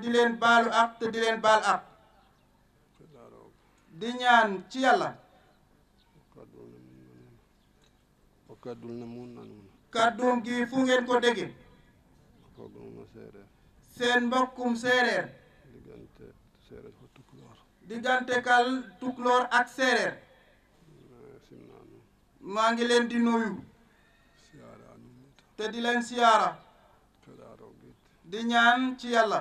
te di leen baalu àq te di leen baal àq di ñaan ci yàlla kàdduum gi fu ngeen ko déggee seen mbokkum séeréer diggante kal tukloor ak séeréer maa ngi leen di nuyu te di leen siyaara di ñaan ci yàlla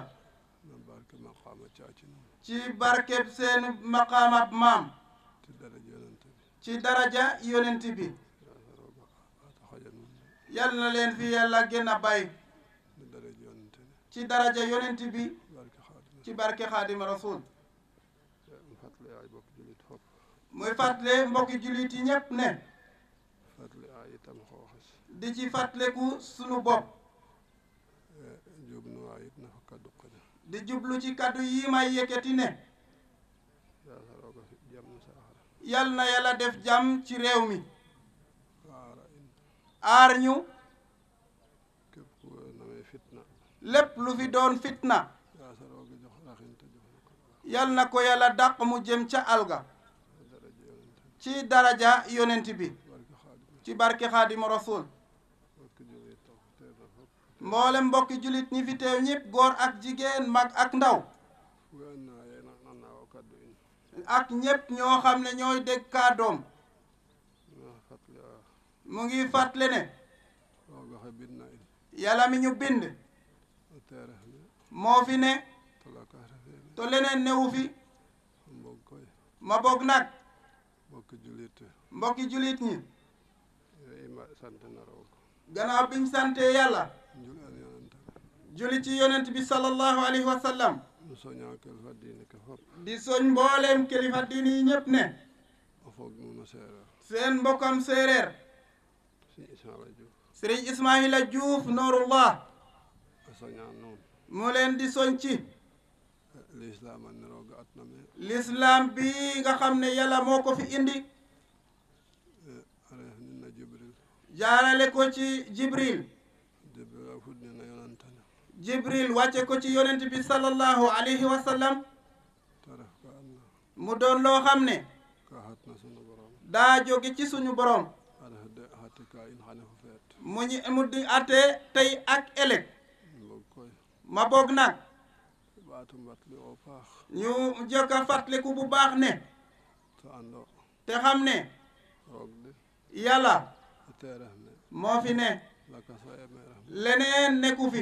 ci barkeb seeni maqaamab maam ci daraja yonent bi yal na leen fi yàlla gën a bàyyi ci daraja yonent bi ci barke xaadima rasul muy fàttale mbokki jullit yi ñépp ne di ci fàttaleku sunu bopp di jublu ci kàddu yii may yëkkati yal na yàlla def jàmm ci réew mi aar ñu lépp lu fi doon fitna yal na ko yàlla dàq mu jëm ca alga ci daraja yonent bi ci barke xaadimu rasul mboole mbokki jullit ñi fi teew ñëpp góor ak jigéen mag ak ndaw ak ñëpp ñoo xam ne ñooy dégg kàddoom mu ngi fàttali ne yàlla mi ñu bind moo fi ne te leneen newu fi ma bokk nag mbokki jullit ñi gannaaw bi ñu sante yàlla juli ci yonent bi sallallahu alayhi wa sallam di soñ mbooleem kilifa diini yi ñëpp ne seen mbokkam séeréer sëriñ Ismaila Diouf Noorullah mu leen di soñ ci lislaam bi nga xam ne yàlla moo ko fi indi eh, jaarale ko Jibril jibril wàcce ko ci yonent bi sallallahu alayhi wa sallam mu doon loo xam ne daa jóge ci suñu borom mu ñu mu di atte tey ak ëllëg ma boog nag ñu jëkk a bu baax ne te xam ne yàlla moo fi ne leneen nekku fi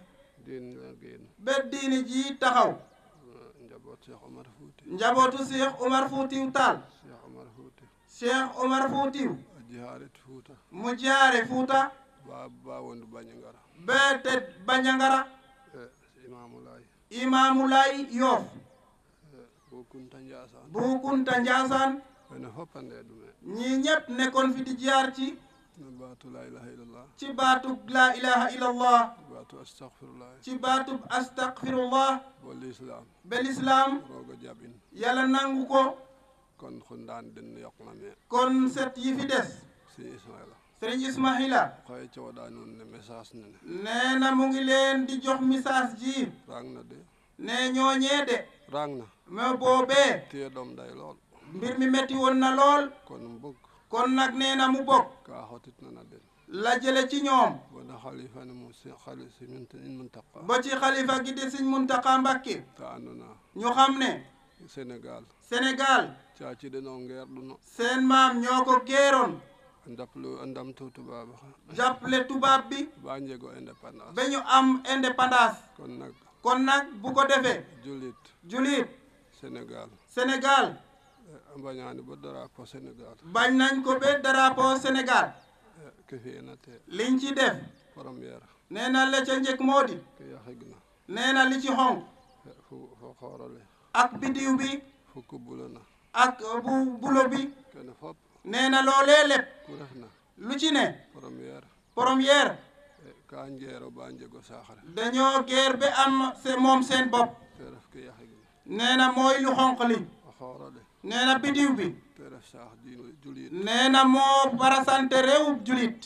diine la génn. ba diine jii taxaw. njabootu Cheikh Omar Fouti. njabootu Cheikh Omar Foutiou Tall. Cheikh Omar Fouti. Cheikh Omar Foutiou. mu jaare mu jaare Fouta. ba wondu Bañangara. ba te Bañangara. Eh, Imaamulaay. Imaamulaay Yoof. Eh, Bukunta Ndiassane. Bukunta Ndiassane. ñii ñëpp nekkoon fi di jaar ci. baatu laa ilaha illallah ci baatub laa ilaha illallah ci baatub ci baatub astaghfirullah bol islam bel islam rooga jabin yàlla nangu ko kon xundaan den yoqname kon set yi des sëriñ ismaila sëriñ ismaila xooye coodaa noon ne message nene nee na mu di jox message ji rang na de nee ñooñee de rang na ma boobee téye doom day lool mbir mi metti woon na lool kon mbëgg kon nag nee na mu bokk ka hawtit nana den la jële ci ñoom wona ba ci xalifa gi di sëñ muntaqa mbàkke ta andona ñu xam ne sénégal sénégal caciɗe no gerɗuno seen maam ñoo ko geeroon andaplu andamtu tubaab jàppale tubaab bi ba njego indépendance ba ñu am indépendance kon nag kon nag bu ko defee julit julit sénégal sénégal a mbañaani ba drapeau Sénégal bañ nañ ko ba drapeau Sénégal eh, ke fi'inate liñ ci def première nee na la ca njëkk moo ke yaxig na nee na li ci xonq eh, fo xoorale ak bidiw bi fukk bulo na ak bu bulo bi kene fop nee na loolee lépp na lu ci ne première première eh, ka njeero ba njego saaxare dañoo geer ba am moom seen bop te ref ke yaxig na nee mooy lu xonq li xoorale nee na bidiw bi nee moo bara sante réewub julit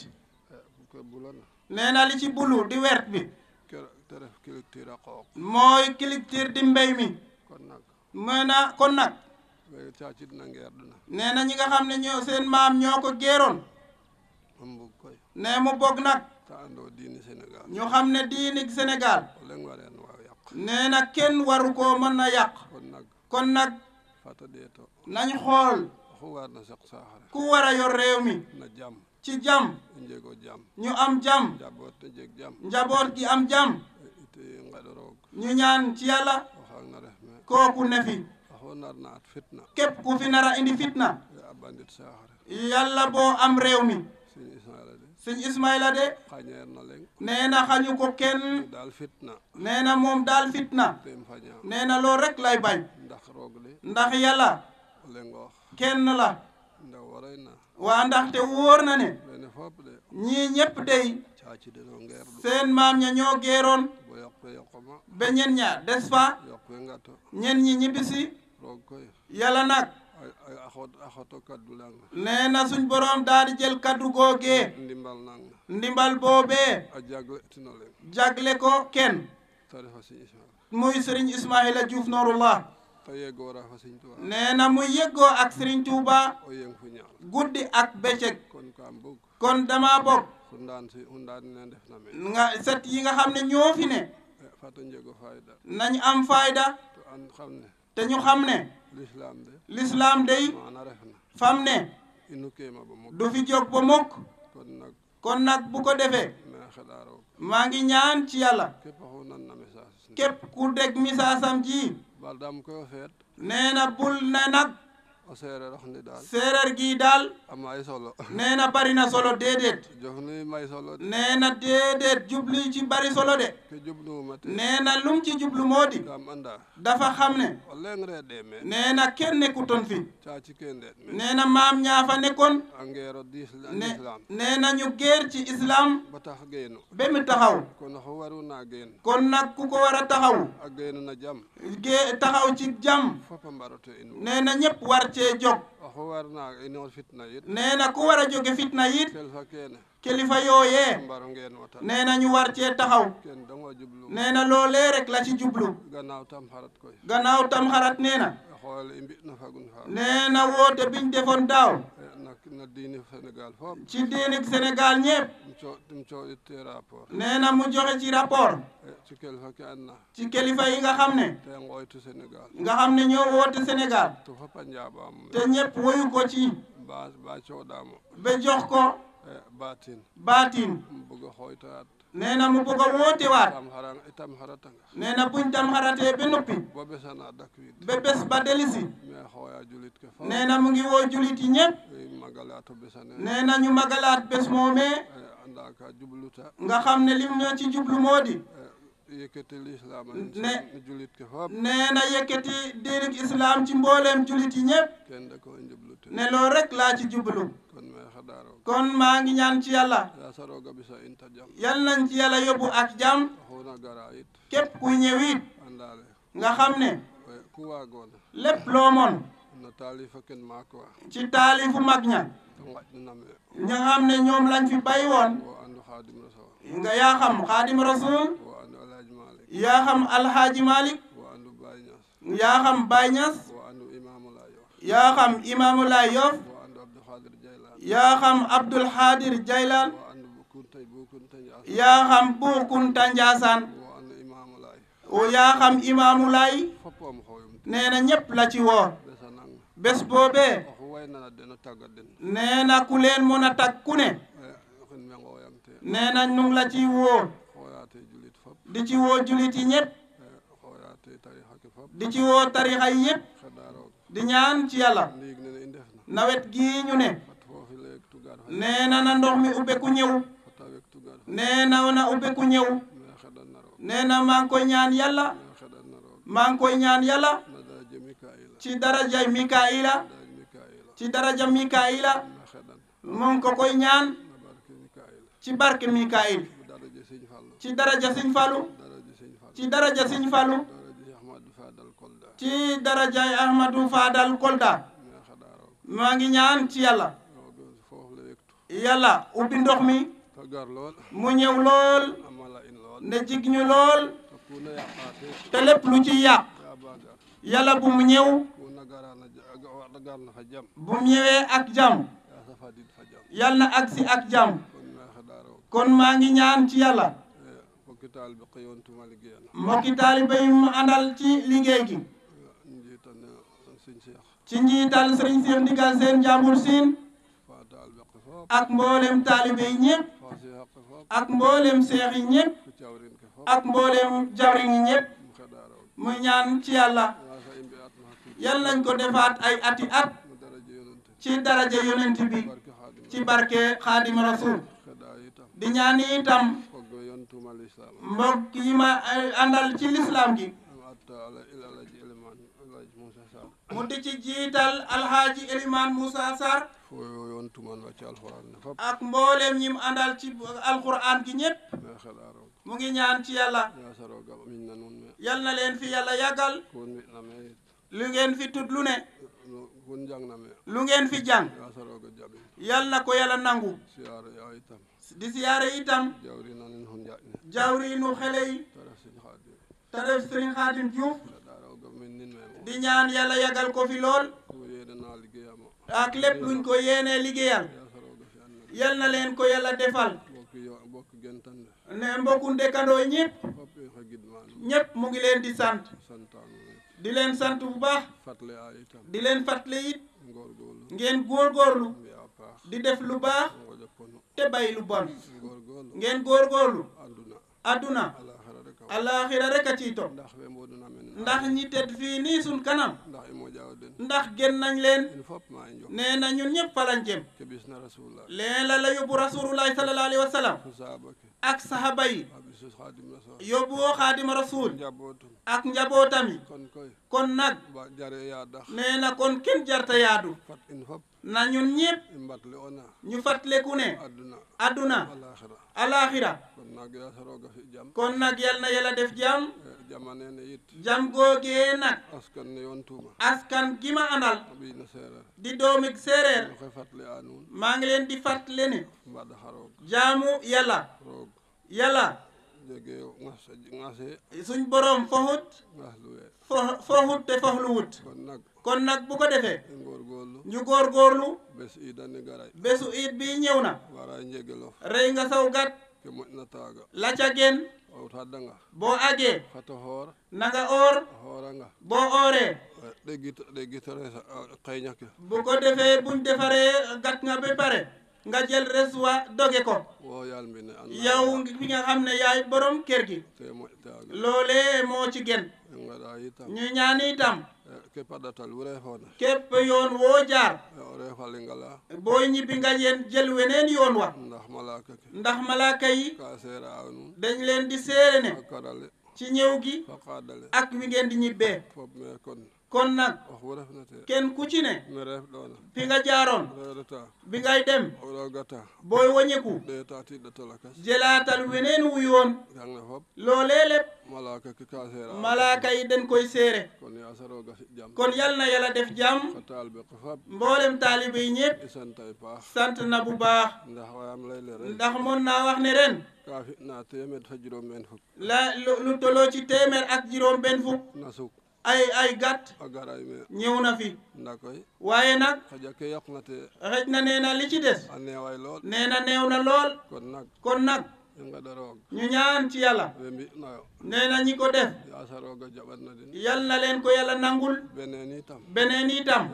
nee na li ci bulu di wert bi mooy culture di mbéy mi nee na kon nag nee na ñi nga xam ne ñoo seen maam ñoo ko géeroon nee mu bokk nag ñu xam ne diini Sénégal nee na kenn waru ko mën a yàq kon nag nañ xool ku war a yor réew mi ci jàmm ñu am jàmm njaboot gi am jàmm ñu ñaan ci yàlla kooku ne fi ku fi nara indi fitna yàlla boo am réew mi sëñ Ismaïla de sëñ Ismaïla de xañeer nee na xañu ko kenn daal fitna nee na moom daal fitna nee na loolu rek lay bañ ndax roog de ndax yàlla kenn la waa ndaxte wóor na ne ñii ñëpp dey seen maam ña ñoo geeroon ba ñen ña des fa ñen ñi ñibbisi yàlla nag ay axoto suñ boroom daal di jël kaddu googee ndimbal nang ndimbal boobee jagle tino leen jagle ko kenn ta refa sëñ Ismaila muy sëriñ Ismaila Diouf Nourullah ta na muy yeggoo ak sëriñ Tuuba guddi ak bëccëg kon dama bokk hundaan si ne def na me set yi nga xam ne ñoo ne eh, nañ am fayda xam ne te ñu xam ne lislaam day fam ne du fi jóg ba mukk kon nag bu ko defee maa ngi ñaan ci yàlla képp ku dégg misaasam ji nee bul ne nag séeréer wax ni daal séeréer gii daal am ay solo nee na bari na solo déedéet jofni solo nee na déedéet jublu ci bari solo de ke jublu mate na lum ci jublu moo di kam anda dafa xam ne o leng reede me nee fi caaci kendeet nee na maam ñaafa nekkoon angeero di islam nee na ñu geer ci islam ba tax geenu ba mu taxaw kon xu waru naa geen kon nag ku ko war a taxaw a geenu na jam gee ci jam fop cee jóg nee na ku war a jóge fitna yit kilifa yooyee nee na ñu war cee taxaw nee na loolee rek la ci jublu gannaaw tam xarat nee na nee na woote biñ defoon daaw na na diine Sénégal foofu. ci diine Sénégal ñëpp. mu co mu rapport. nee mu joxe ci rapport. Eh, ci kilifa ki an ci kilifa yi nga xam ne. te ngooytu Sénégal. nga xam ne ñoo woote Sénégal. tu fa Punjab am. te ñëpp woyu ko ci. ba ba coodaamo. ba jox ko. Eh, baatin. mu bëgg a nee na mu bëgg a wootewaat nee na buñ tam xaratee ba noppi ba bés ba delisi nee na mu ngi woo julit yi ñëpp nee na ñu magalaat bés moomee nga xam ne lim ñoo ci jublu moo yëkkati lislaam ne julit ki fop na yëkkati diinig islaam ci mbooleem julit yi ñëpp kenn da ne loolu rek laa ci jublu kon may xadaaroo kon maa ngi ñaan ci yàlla yaasarooga bisa inta jam yal nañ ci yàlla yóbbu ak jàmm xuuna gara it képp ku ñëw it andaale nga xam ne ku waagoona lépp loo moon na taalifa kenn maa ko ci taalifu mag ña ña xam ne ñoom lañ fi bàyyi woon nga yaa xam xaadim rasul yaa xam alxaaji Malick yaa xam Baye Niass yaa xam imaamu Laay Yoff yaa xam Abdul Xaadir Jaylaan yaa xam Buur Kunta Njaasaan yaa xam imaamu Laay nee na ñépp la ci woo bés boobee nee na di ci woo jullit yi ñëpp di ci woo tarixa yi yëpp di ñaan ci yàlla nawet gii ñu ne nee na na ndox mi ubbeku ñëw nee na na ubbeku ñëw nee na maa ngi koy ñaan yàlla maa ngi koy ñaan yàlla ci daraja Mikaila ci daraja Mikaila mu ngi ko koy ñaan ci barke Mikail ci daraja Sëñ Fallou ci daraja Sëñ Fallou ci darajay Ahmadou Fadal Kolda maa ngi ñaan ci yàlla yàlla ubbi ndox mi mu ñëw lool ne jig ñu lool te lépp lu ci yàq yàlla bu mu ñëw bu mu ñëwee ak jàmm yàlla na agsi ak jàmm kon maa ngi ñaan ci yàlla mbokki taalibe xëyontuma liggéey mbokki taalibe yu mu àndal ci liggéey gi ci njiital sëriñ Cheikh Ndigal seen njàmbur siin ak mboolem taalibe yi ñëpp ak mboolem seex yi ñëpp ak mboolem jawriñ yi mu ñaan ci yàlla yàlla ko defaat ay ati at ci daraja yonent bi ci barke xaadim rasul di ñaan itam yantuma lislam mbokk yi ma eh, àndal ci lislam gi mu di ci jiital alhaaji eliman moussa sarr foyo yontuman wacca alquran ne fop ak mboolem ñim àndal ci alquran gi ñépp mu ngi ñaan ci yàlla yal na leen fi yàlla yàggal lu ngeen fi tudd lu ne lu ngeen fi jàng yal na ko yàlla nangu di siyaare itam jawriinu xale yi te def sëriñ xaatim di ñaan yàlla yagal ko fi lool ak lépp luñ ko yéenee liggéeyal yal na leen ko yàlla defal ne mbokku ndekandoo ñëpp ñëpp mu ngi leen di sant di leen sant bu baax di leen fàttali it ngeen góorgóorlu di def lu baax te bàyyi lu bon ngeen góorgóorlu adduna alaxira rek a ciy topp ndax ñi tedd fii nii suñ kanam ndax gén nañ leen nee na ñun ñëpp falañ jëm leen la la yóbbu rasulullahi sallallahu alayhi wa sallam ak sahaba yi yóbbu woo xaadima rasul ak njabootam yi kon nag nee na kon kenn jarta yaadu na ñun ñëpp ñu fàttaliku ne adduna alaxira kon nag yal na yàlla def jàmm eh, jàmm googee nag askan gi ma anal di doomik séeréer maa ngi leen di fàttali ne jaamu yàlla yàlla jóge ngas ngase suñ borom faxut faxut te faxluwut kon nag kon nag bu ko defee góorgóorlu ñu góorgóorlu bés iid garay bésu iid bii ñëw na waray njegelof rey nga saw gat ke moƴ taaga la o taddanga boo agee xato xoor nanga oor a xooranga boo ooree ɗegit ɗegit resa xeeña ke defee buñ defaree gat nga ba pare nga jël reçoit doge ko yow bi nga xam ne yaay borom ker gi loolee moo ci gën ñu ñaan itam eh, képp yoon woo jaar boo ñibbi nga jël weneen yoon wa ndax malaaka yi dañ leen di seere ne ci ñëw gi ak wi ngeen di ñibbee kon nag kenn ku ci ne fi nga jaaroon bi ngay dem booy wañeku jelaatal weneen wuyoon loolee lépp malaaka yi den koy seere kon yal na yàlla def jàmm mboolem taalibe yi ñépp sant na bu baax ndax mën naa wax ne ren la lu toloo ci téeméer ak juróom benn ay ay gàtt a garayme ñëw na fi nda koy waaye nag xëj ke yàq na te xëj na nee na li ci des a neeway lool nee na neew na lool kon nag kon nag ñu ñaan ci yàlla nee na ñi ko def yal na leen ko yàlla nangul beneen itam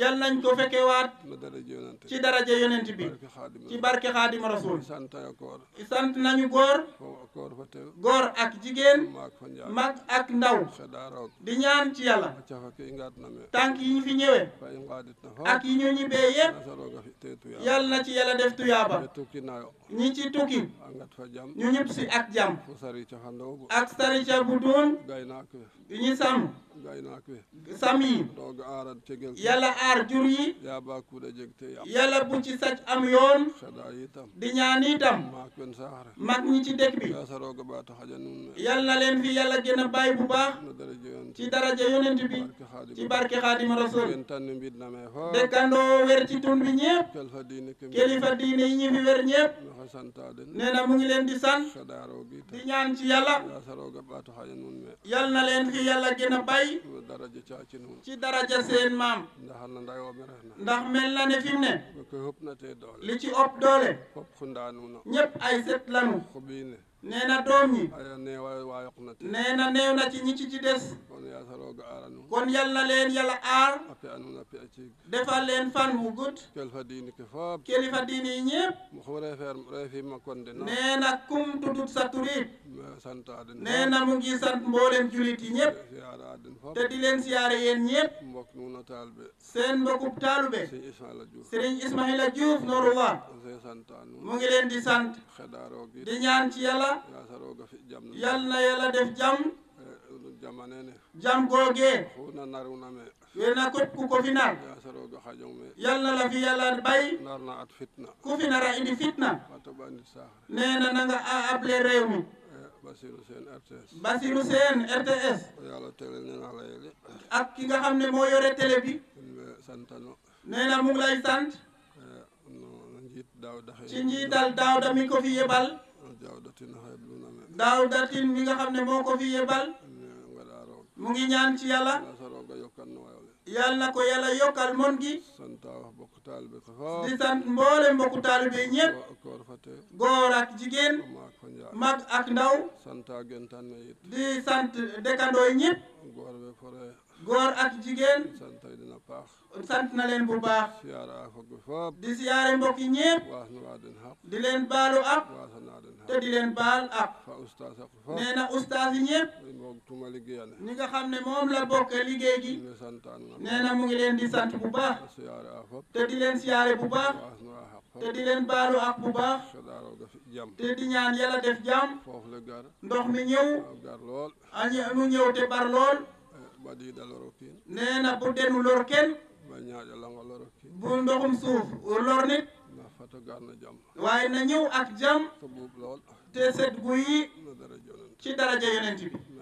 yal nañ ko fekke waat ci daraja yonent bi ci barke xaadima rasul sant na nañu góor goor ak jigéen mag ak ndaw di ñaan ci yàlla tànk yi ñu fi ñëwee ak yi ñu ñibbee yépp yal na ci yàlla def tuyaaba ñi ci tukki ñu ñëpp si ak jàmm ak sarica bu doon ñi sàmm sàmm yi yàlla aar jur yi yàlla bu ci sac am yoon di ñaan itam mag ñi ci dëkk bi yàlla na leen fi yàlla gën a bàyyi bu baax ci daraja yonent bi ci barke xaadima rasul dëkkandoo wer ci tun bi ñëpp kilifa diine yi ñi fi wer ñëpp ko santaaden nee na mu ngi leen di san saɗaaro bi di ñaan ci yàlla yasarooga ɓaato haƴa nuun na leen fi yàlla gën a bay daraja caaci ci daraja seen maam ndax na nday o me refna ndax mel na ne fi mu ne ko hëpnatee doole li ci ëpp doole fop xundaa nuuna ñëpp ay set lanu nee na doom ñi nee na néew na ci ñi ci ci des kon yal na leen yàlla aar defal leen fan wu gudd kilifa diini yi ñépp nee na kum tudut sa turit nee na mu ngi sant mboolem julit yi ñépp te di leen siyaare yéen ñépp seen mbokkub taalube Serigne Ismaila Diouf Noor Wa mu ngi leen di sant di ñaan ci yàlla yàlla yal na yàlla def jam jam googee we na kot ku ko fi nar yal na la fi ku fi nara indi fitna nee nanga a able e, Basiru Seen RTS. Basiru Seen RTS. yàlla télé nga xam moo yore bi. nee na lay sant. E, ci njiital Daawda mi ko fi yebal. jaaw datin habluna men daaw datin mi nga xam ne moo ko fi yebal mu ngi ñaan ci yàlla yàlla na ko yàlla yokkal mon gi sant wax mbokku taalibe ko di sant mboole mbokku taalibe ñëpp góor ak jigéen mag ak ndaw di sant dëkkandooy ñëpp góor be fore ak jigéen sant na leen bu baax siyaara fog di siyaare mbokki ñëpp di leen baalu ak waasa leen baal ak fa ustaas ak fa nee na ustaas yi ñëpp tuma liggéeyale ñi nga xam ne moom la bokkee liggéey gi nee mu ngi leen di sant bu baax te di leen siyaare bu baax te di leen baalu ak bu baax te di ñaan yàlla def jàmm ndox mi ñëw añ a ñëw te bar lool eh, nee na bu denu lor kenn bu ndoxum suuf lor nit waaye na ñëw ak jàmm te set guyi ci daraja yonent bi